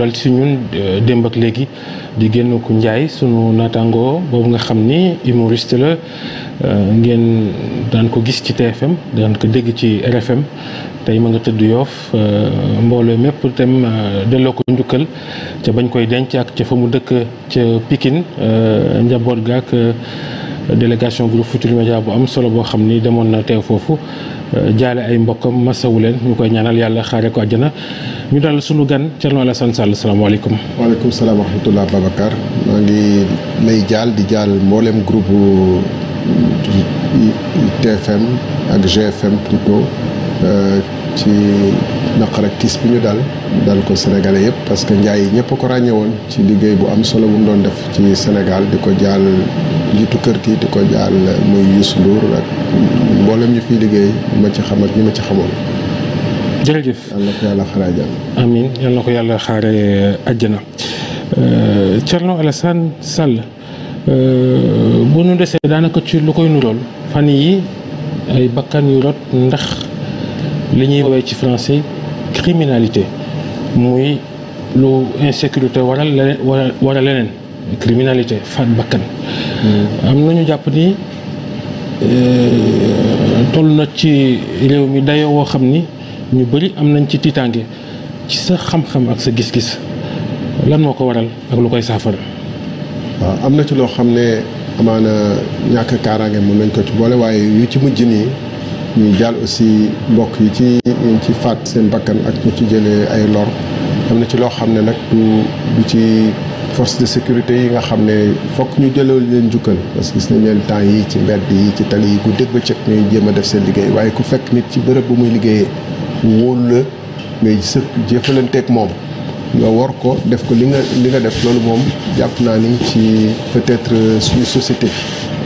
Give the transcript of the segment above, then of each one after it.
dal ci ñun euh, démb ak léegi di génn ku njaay sunu naataangoo boobu nga xam ni humoriste la euh, ngeen daan ko gis ci TFM daan ko dégg ci RFM tey ma nga tëdd yoof euh, mbooloo mépp tam delloo ko njukkal ca bañ koy denc ak ca fa mu dëkk ca Pikine njaboot ga ak délégation groupe Futurs Médias bu am solo boo xam ni demoon na teew foofu jaale ay mbokkam masawu leen ñu koy ñaanal yàlla xaare ko àjjana ñu dal suñu gan Thierno Alassane Sall salaamaaleykum. waaleykum salaam wa rahmatulah Babacar maa ngi lay jaal di jaal mboolem groupe TFM ak GFM plutôt euh, ci naqar ak bi ñu daal dal ko sénégalais yëpp parce que njaay yi ñëpp ko ràññe woon ci liggéey bu am solo bu mu doon def ci senegal di ko jaal njiitu kër gi di ko jaal muy Youssou Ndour mboolem ñu fiy liggéey ma ci xamal ñi ma ci xamoon. jërëjëf yal na ko yàlla xaaree àjjana. amiin yal na ko yàlla eh, eh, Sall eh, bu nu desee daanaka ci lu koy nurool fan yi ay bakkan yu rot ndax li ñuy woowee ci français criminalité muy lu insécurité waral leneen leneen criminalité faat bakkan hmm. am nañu jàpp ni. toll na ci réew mi dayo woo xam ni ñu bari am nañ ci tiitaange ci sa xam-xam ak sa gis-gis lan moo ko waral ak lu koy saafara. waaw am na ci loo xam ne amaana ñàkk kaaraange mën nañ ko ci boole waaye yu ci mujj nii ñuy jàll aussi mbokk yi ci ñu ci faat seen bakkan ak ñu ci jëlee ay lor am na ci loo xam ne nag du ci. force de sécurité yi nga xam ne fokk ñu jëlal leen njukkal parce que gis nañ leen temps yi ci mbedd yi ci tali yi guddeeg bëccëg ñuy jéem a def seen liggéey waaye ku fekk nit ci bërëb bu muy liggéeyee wóolu la ngay sëf jëfalanteeg moom nga war ko def ko li nga li def loolu moom jàpp naa ni ci peut-être suñu société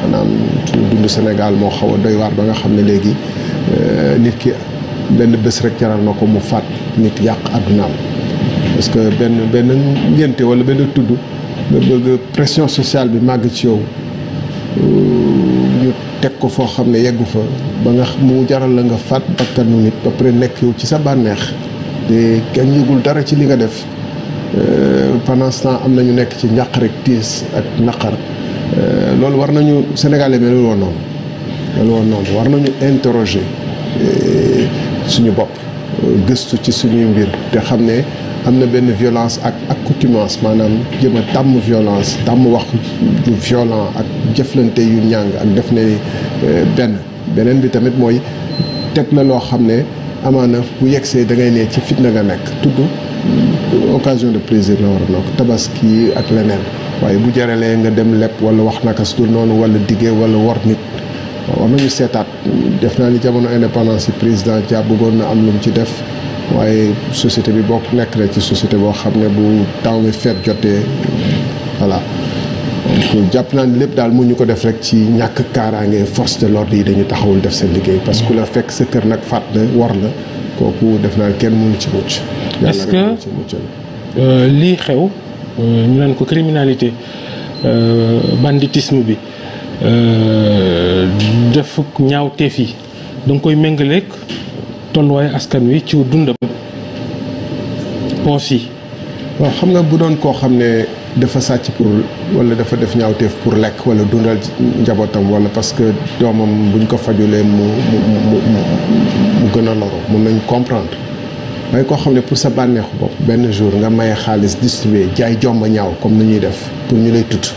maanaam suñu dund Sénégal moo xaw a doy waar ba nga xam ne léegi euh, nit ki benn bés rek jaral na ko mu faat nit yàq addunaam parce que benn benn ngénte wala benn tudd nga bëgg pression sociale bi màgg ci yow euh, ñu teg ko foo xam ne yeggu fa ba nga mu jaral la nga faat bakkanu nit ba nekk yow ci sa bànneex te kenn yëgul dara ci li nga def euh, pendant ce am na ñu nekk ci njàq rek tiis ak naqar euh, loolu war nañu sénégalais bi loolu noonu loolu noonu war nañu interroger suñu bopp gëstu ci suñuy mbir te xam ne am na benn violence ak ak accoutumance maanaam jëm a tàmm violence tàmm wax ju violent ak jëflante yu njàng ak def ne euh, benn beneen bi tamit mooy teg la loo xam ne amaana bu yegsee da ngay ne ci fitna nga nekk tudd euh, occasion de plaisir la war a tabaski ak leneen waaye bu jaralee nga dem lepp wala wax naka su dul noonu wala diggee wala wor nit war nañu seetaat def naa ni jamono indépendance yi président Dia bëggoon na am lu mu ci def waaye société bi bokk nekk na ci société boo xam ne bu taw bi feet jotee voilà jàpp naa lépp daal mu ñu ko def rek ci ñàkk kaaraange force de l'ordre yi dañu taxawul def seen liggéey parce que ku la fekk sa kër nag fàtt la war la kooku def naa kenn mënu ci mucc est-ce que euh, lii xew euh, ñu naan ko criminalité euh, banditisme bi dafa ñaaw teef yi danga koy méngaleek tolluwaayu askan wi ci dundam poos xam nga bu doon koo xam ne dafa sàcc pour wala dafa def ñaawteef pour lekk wala dundal njabootam wala parce que doomam buñ ko fajulee mu gën a loro mun nañ comprendre waaye koo xam ne pour sa bànneexu bopp benn jour nga maye xaalis distribuer jaay jomba ñaaw comme ni ñuy def pour ñu lay tut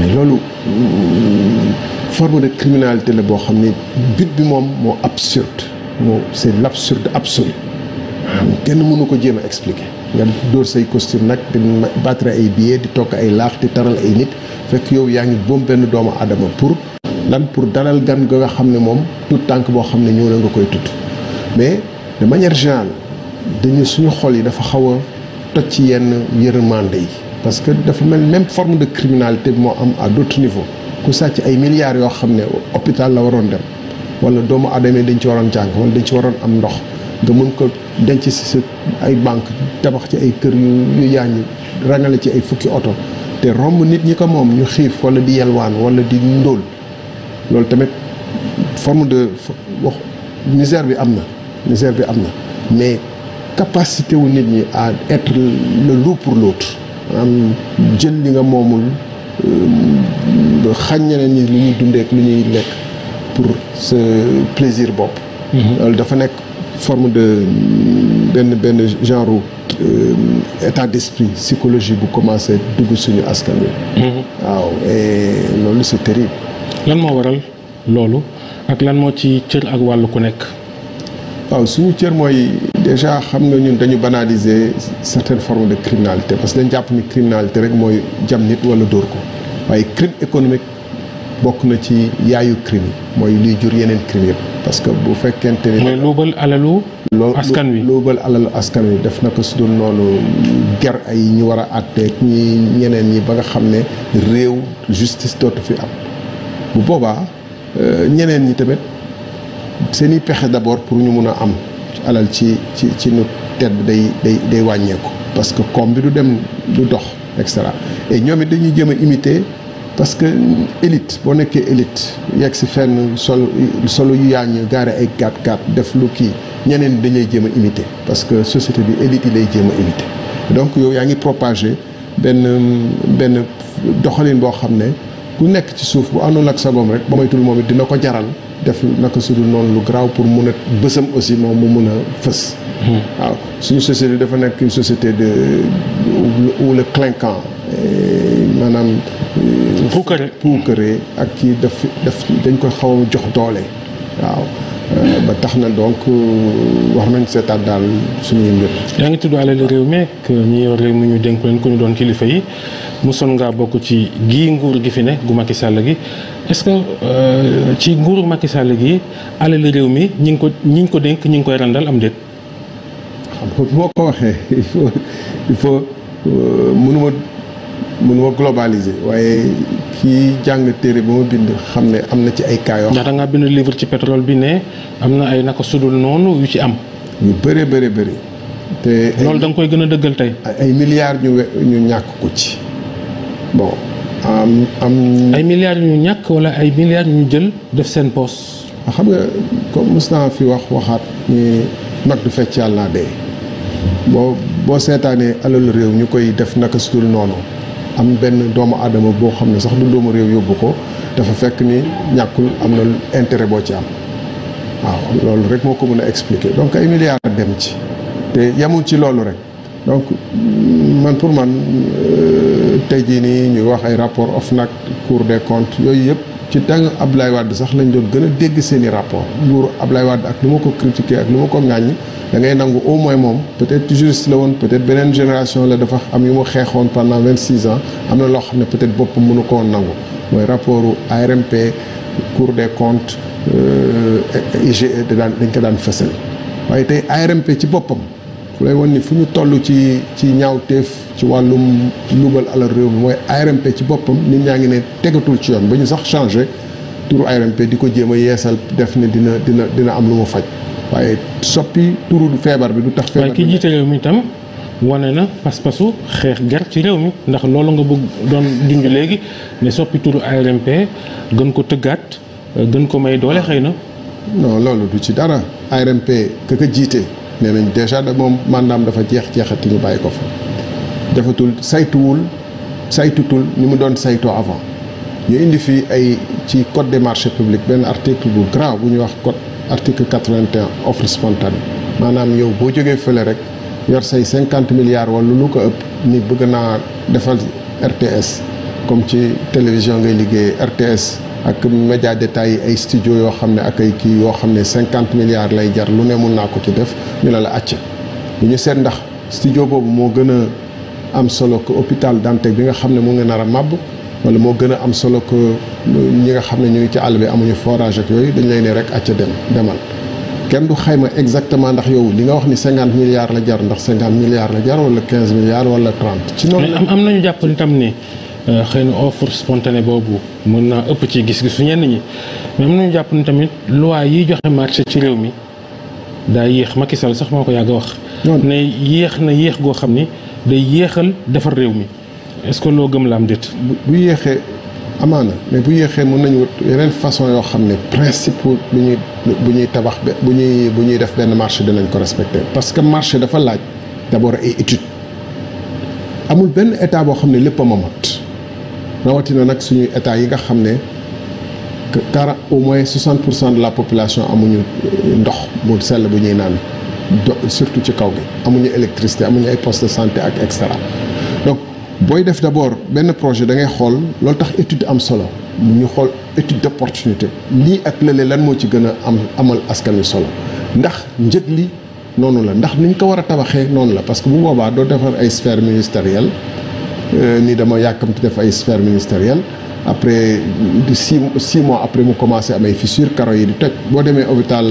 mais loolu mm, forme de criminalité la boo xam ne bit bi moom moo absurde moo c'est l'absurde absolu kenn mënu ko jéem a expliquer nga dóor say costume nag di ay billets di togg ay laax di taral ay nit fekk yow yaa ngi boom benn doomu aadama pour lan pour dalal gan nga xam ne moom tout tànk boo xam ne ñëw na nga koy tudd mais de manière générale dañu suñu xol yi dafa xaw a toj ci yenn yërmande yi parce que dafa mel même forme de criminalité moo am à d'autres niveaux ku sàcc ay milliards yoo xam ne hôpital la waroon dem wala doomu aadama dañ ci waroon jàng wala dañ ci waroon am ndox nga mën ko denc si sa ay banque tabax ci ay kër yu yu yaañu rangale ci ay fukki oto te romb nit ñi ko moom ñu xiif wala di yelwaan wala di ndóol loolu tamit forme de wax misère bi am na misère bi am na mais capacité wu nit ñi à être le loup pour l'autre am jël li nga moomul euh, xañ ñeneen ñi lu ñuy dundee lu ñuy lekk pour sa plaisir bopp mhm. loolu dafa nekk forme de mm, benn benn genre euh, état d'esprit psychologie bu commencé dugg suñu askan wi mhm. waaw loolu c'est terrible lan moo waral loolu ak lan moo ci cër ak wàllu ku nekk waaw suñu cër mooy déjà xam nga ñun dañu banaliser certaines formes de criminalité parce que dañ jàpp ni criminalité rek mooy jam nit wala dóor ko waaye crime économique bokk na ci yaayu crime yi mooy luy jur yeneen crime yëpp parce que bu fekkente ni. mooy luubal alalu. askan wi luubal alalu askan wi def na ko su dul noonu ger ay ñu war a àtteeg ñi ñeneen ñi ba nga xam ne réew justice dootu fi am bu boobaa euh, ñeneen ñi tamit seen i pexe d'abord pour ñu mun a am alal ci ci ci nu tedd day day day wàññeeku. parce que koom bi du dem du dox et cetera et jëm a imiter. parce que élite boo nekkee élite yegg si fenn sol solo yu ñu gaare ay gàtt gàtt def lu kii ñeneen dañuy jéem a imiter parce que société bi élite yi lay jéem a imiter donc yow yaa ngi propager benn benn doxalin boo xam ne ku nekk ci suuf bu àndoon ak sagoom rek ba moytul moom it dina ko jaral def naka su dul noonu lu garaaw pour mun a bësam aussi moom mu mun a fës. waaw suñu société dafa nekk société de où clinquant euh, maanaam. puukare puukare ak ci daf dañ ko xaw a jox doole waaw euh, ba tax na donc euh, wax nañ seetaat daal suñuy mbir. yaa ngi tudd alal réew mi ak ñi yor réew mi ñu dénk leen ku ñu doon kilifa yi mosoon ngaa bokk ci gii nguur gi fi ne gu Macky Sall gi est-ce que euh, ci nguuru Macky Sall gi alal réew mi ñi ngi ko ñi ngi ko dénk ñi ngi koy randal am déet. xam ko waxee il faut il faut mënuma mënuma globaliser waaye kii jàng téere ba ma bind xam ne am na ci ay cas yoo xam. ndax da bind livre ci pétrole bi ne am na ay naka sudul noonu yu ci am. yu bëree bëri bëri. te loolu danga nga koy gën a dëggal tey. ay milliards ñu ñu ñàkk ko ci bon am am. ay milliards ñu ñàkk wala ay milliards ñu jël def seen poos. Ah, xam nga comme mos naa fi wax waxaat ni mag du fecc yàlla naa dee boo boo seetaanee alalu réew ñu koy def naka sudul noonu. am benn doomu aadama boo xam ne sax du doomu réew yóbbu ko dafa fekk ni ñàkkul am na intérêt boo ci am waaw loolu rek moo ko mën a expliquer donc ay milliards dem ci te yemul ci loolu rek donc man pour man euh, tey jii nii ñuy wax ay rapport nag Cour des comptes yooyu yëpp ci tàng Ablaye Wade sax lañ doon gën a dégg seen i rapport nguuru Ablaye Wade ak lu ma ko critiquer ak lu ma ko ŋàññ dangay nangu au moins moom peut-être juriste la woon peut-être beneen génération la dafa am yu mu xeexoon pendant vingt six ans am na loo xam ne peut-être bopp mënu ko woon nangu mooy rapportu ARMP Cour des comptes euh, IGE daan dañ ko daan fësal waaye tey armpe ci boppam fu lay wan ni fu ñu toll ci ci ñaawteef ci wàllum luubal alal réew mi mooy armpe ci boppam nit ñaa ngi ne tegatul ci yoon ba ñu sax changé turu armpe di ko jéem a yeesal def ni dina dina dina am lu mu faj waaye soppi turu feebar bi du tax. feebar bi ki jiite réew itam wane na pas-pasu xeex ger ci réew mi ndax loolu nga bëgg doon junj léegi ne soppi turu ARMP gën ko tëggaat gën ko may doole xëy na. non loolu du ci dara ARMP ka jiite nee nañ déjà da moom mandaam dafa jeex jeexati ñu bàyyi ko fa defatul saytuwul saytutul ni mu doon saytoo avant ñu indi fi ay ci code de marché publics benn article bu grand bu ñuy wax code. article 81 offre spontanée maanaam yow boo jógee fële rek yor say 50 milliards wala lu ko ëpp ni bëgg naa defal RTS comme ci télévision ngay liggéey RTS ak média détail ay studio yoo xam ne ak ay kii yoo xam ne 50 milliards lay jar lu ne mun naa ko ci def ñu la la àcc bu ñu seet ndax studio boobu moo gën a am solo que hôpital Dantec bi nga xam ne mu ngi nar a màbb wala moo gën a am solo ko ñi nga xam ne ñu ngi ci àll bi amuñu forage ak yooyu dañ lay ne rek acca dem demal kenn du xayma exactement ndax yow li nga wax ni cinquante milliards la jar ndax cinquante milliards la jar wala quinze milliards wala trente. ci noonu am am nañu jàpp tam ni euh, xëy na offre spontanée boobu mën naa ëpp ci gis-gisu ñenn ñi mais am jàpp ni tamit loi yiy joxe marché ci réew mi daa yéex Macky Sall sax moo ko yàgg a wax. ne yéex na yéex goo xam ni day yéexal defar réew mi. est-ce que loo gëm la am déet. bu yéexee amaana mais bu yéexee mën nañu yeneen façon yoo xam ne principe bu ñuy bu ñuy tabax bu ñuy bu ñuy def benn marché dinañ ko respecter parce que marché dafa laaj d'abord ay études amul benn état boo xam ne lépp a ma rawatina nag suñuy état yi nga xam ne que au moins 60 pour cent de la population amuñu euh, ndox mu sell bu ñuy naan surtout ci kaw gi amuñu électricité amuñu ay poste de santé ak et booy def d' abord benn projet da ngay xool loolu tax étude am solo mu ñu xool étude d' opportunité lii ak lële lan moo ci gën a am amal askan wi solo ndax njët li noonu la ndax ni ñu ko war a tabaxee noonu la parce que bu boobaa doo defar ay sphère ministérielle euh, ni dama yàkkamti def ay sphère ministérielle après six six mois après mu commencé am ay fissures karo yi di toj boo demee hôpital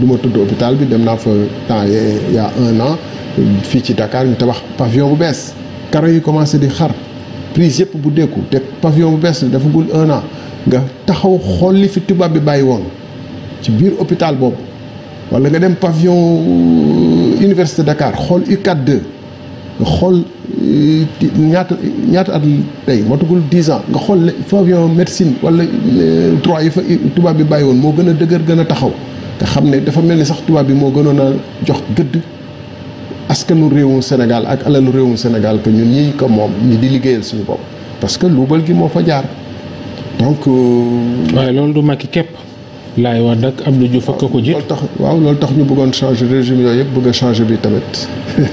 du ma tudd hôpital bi dem naa fa temps y a un an fii ci Dakar ñu tabax pavillon bu bees karo yi commencé di xar prise yëpp bu dékku te pavillon bu bees la dafa gul un an nga taxaw xool li fi tubaab bi bàyyi woon ci biir hôpital boobu wala nga dem pavillon euh, université Dakar xool UCAD 2 nga xool euh, ñaata ñaata at tey matugul dix ans nga xool pavillon médecine wala euh, trois yi fa tubaab bi bàyyi woon moo gën a dëgër gën a taxaw te xam ne dafa mel ni sax tubaab bi moo gënoon a jox gëdd askanu réewum Sénégal ak alalu réewum Sénégal que ñun ñii ko moom ñu di liggéeyal suñu bopp parce que luubal gi moo fa jaar donc. Euh, waaye loolu du mag képp. laay wax nag Abdou Diouf ak ko jiit tax waaw loolu tax ñu bëggoon changer régime yooyu yëpp bëgg a changer bi tamit.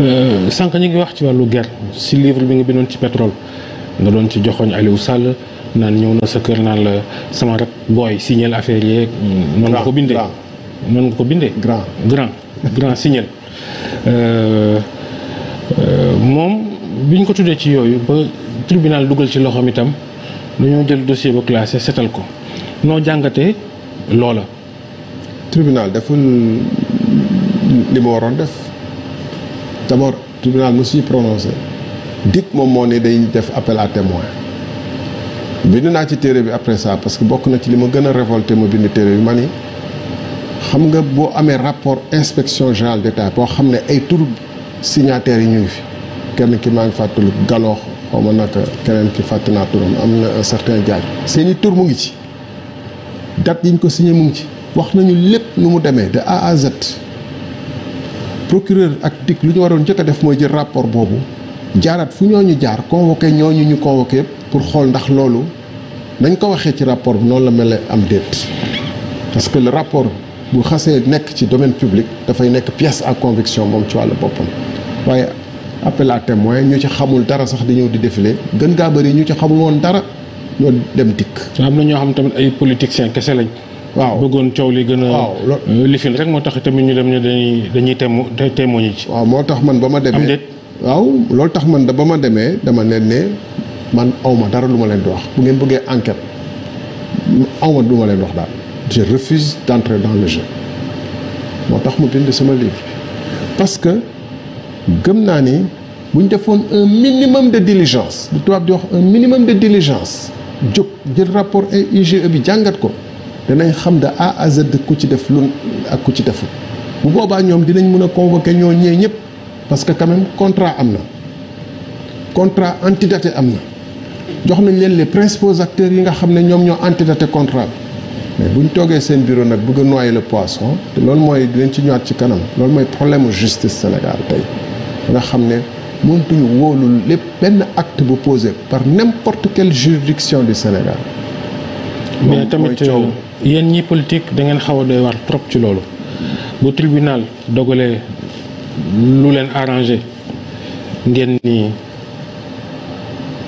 Euh, sànq ñu ngi wax ci wàllu guerre si livre bi nga bindoon ci pétrole nga doon ci joxoñ Aliou Sall naan ñëw na sa kër naan la sama rek booy signal affaire yeeg. noonu nga ko bindee noonu nga ko Euh, euh, moom bi ñu ko tuddee ci yooyu ba tribunal dugal ci loxoom itam dañoo jël dossier ba classé setal ko noo jàngatee loola. tribunal deful li mu waroon def d'abord tribunal mu siy prononcé dikk moom moo ne day def appel à témoin bind naa ci téere bi après ça parce que bokk na ci li ma gën a révolté ma bind téere bi ma ni xam nga boo amee rapport inspection générale d'État boo xam ne ay turu signataires yi ñu ngi fi kenn ki maa ngi fàttali galoox xaw ma naka keneen ki fàtte naa turam am na un certain jaaj seen i tur mu ngi ci date yi ñu ko signé mu ngi ci wax nañu lépp nu mu demee de A à Z procureur ak dikk lu ñu waroon jot a def mooy jël rapport boobu jaaraat fu ñoo ñu jaar convoqué ñooñu ñu ñu convoqué yëpp pour xool ndax loolu nañ ko waxee ci rapport bi noonu la mel am déet parce que le rapport bu xasee nekk ci domaine public dafay nekk pièce ak conviction moom ci wàllu boppam waaye appel à témoin ñu ci xamul dara sax di ñëw di défilé gën gaa bëri ñu ci xamul woon dara ñoo dem dikk. am na ñoo xam tamit ay politiciens kese lañ. waaw bëggoon coow li gën a. waaw euh, lifin rek moo tax tamit ñu dem ne dañuy dañuy témo témoigner ci. waaw moo tax man ba ma demee am waaw loolu tax man da ba ma demee dama leen ne man awma dara lu ma leen di bu ngeen bëggee enquête awma lu ma leen wax daal. je refuse d'entrer dans le jeu moo tax mu bind sama livre parce que gëm naa ni bu ñu defoon un minimum de diligence lu tubaab di wax un minimum de diligence jóg jël rapport IGE bi jàngat ko danañ xam de A à Z ku ci def lu ak ku ci deful bu boobaa ñoom dinañ mën a convoquer ñoo ñee ñëpp parce que quand même contrat am na contrat antidaté am na jox nañ leen les principaux acteurs yi nga xam ne ñoom ñoo antidaté contrat mais bu ñu toogee seen biro nag bëgg a noyer le poisson te loolu mooy dinañ ci ñëwaat ci kanam loolu mooy problème mu justice Sénégal tey nga xam ne mëntuñu wóolu lépp benn acte bu posé par n'importe quelle juridiction du Sénégal. mais tamit euh, yéen ñi politique da ngeen xaw a doy waar trop ci loolu bu tribunal dogalee lu leen arrangé ngeen ni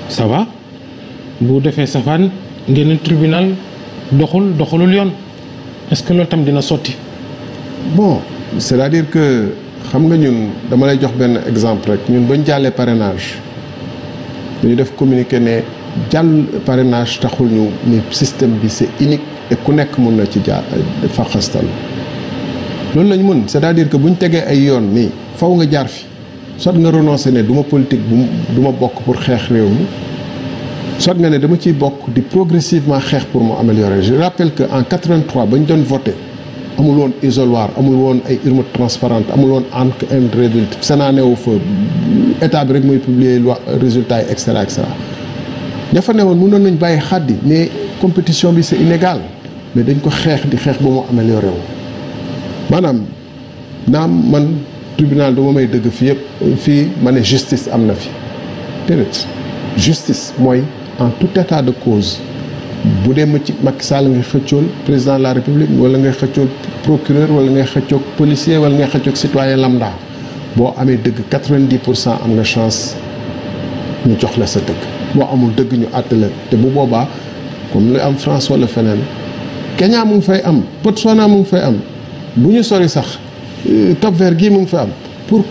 ça va bu defee safaan ngeen tribunal. doxul doxalul yoon est-ce que loolu tam dina sotti. bon c'est-à-dire que xam nga ñun dama lay jox benn exemple rek ñun bañ jàllee parrainage dañu def communiqué ne jàll parenage taxul ñu ni système bi c'est unique te ku nekk mun na ci jaar euh, faxastal loolu lañ mën c'est-à-dire que buñ tegee ay yoon nii fow nga jaar fi sot nga renoncé ne du ma politique bu du ma bokk pour xeex réew mi. soit nga ne dama ciy bokk di progressivement xeex pour mu améliorer je rappelle que en 83 ba ñu doon voté amul woon isoloir amul woon ay urnes transparentes amul woon encre indélébile Sénat newu fa état bi rek mooy publier loi résultat yi et cetera et cetera ne fa mun mënoon nañ bàyyi xaddi mais compétition bi c'est inégal mais dañ ko xeex di xeex ba mu amélioré wu maanaam naam man tribunal dama may dëgg fii yëpp fii ma ne am na fi déedéet mooy en tout état de cause bu dee ma ci Macky Sall ngay xëccool président de la république wala ngay xëccool procureur wala ngay xëccoog policier wala ngay xëccoog citoyen lambda boo amee dëgg 90 pour cent am nga chance ñu jox la sa dëgg boo amul dëgg ñu àtte te bu boobaa comme lu am France wala feneen Kenya mu ngi fay am Botswana mu ngi fay am bu ñu sori sax euh, Cap-Vert gii mu ngi fay am pour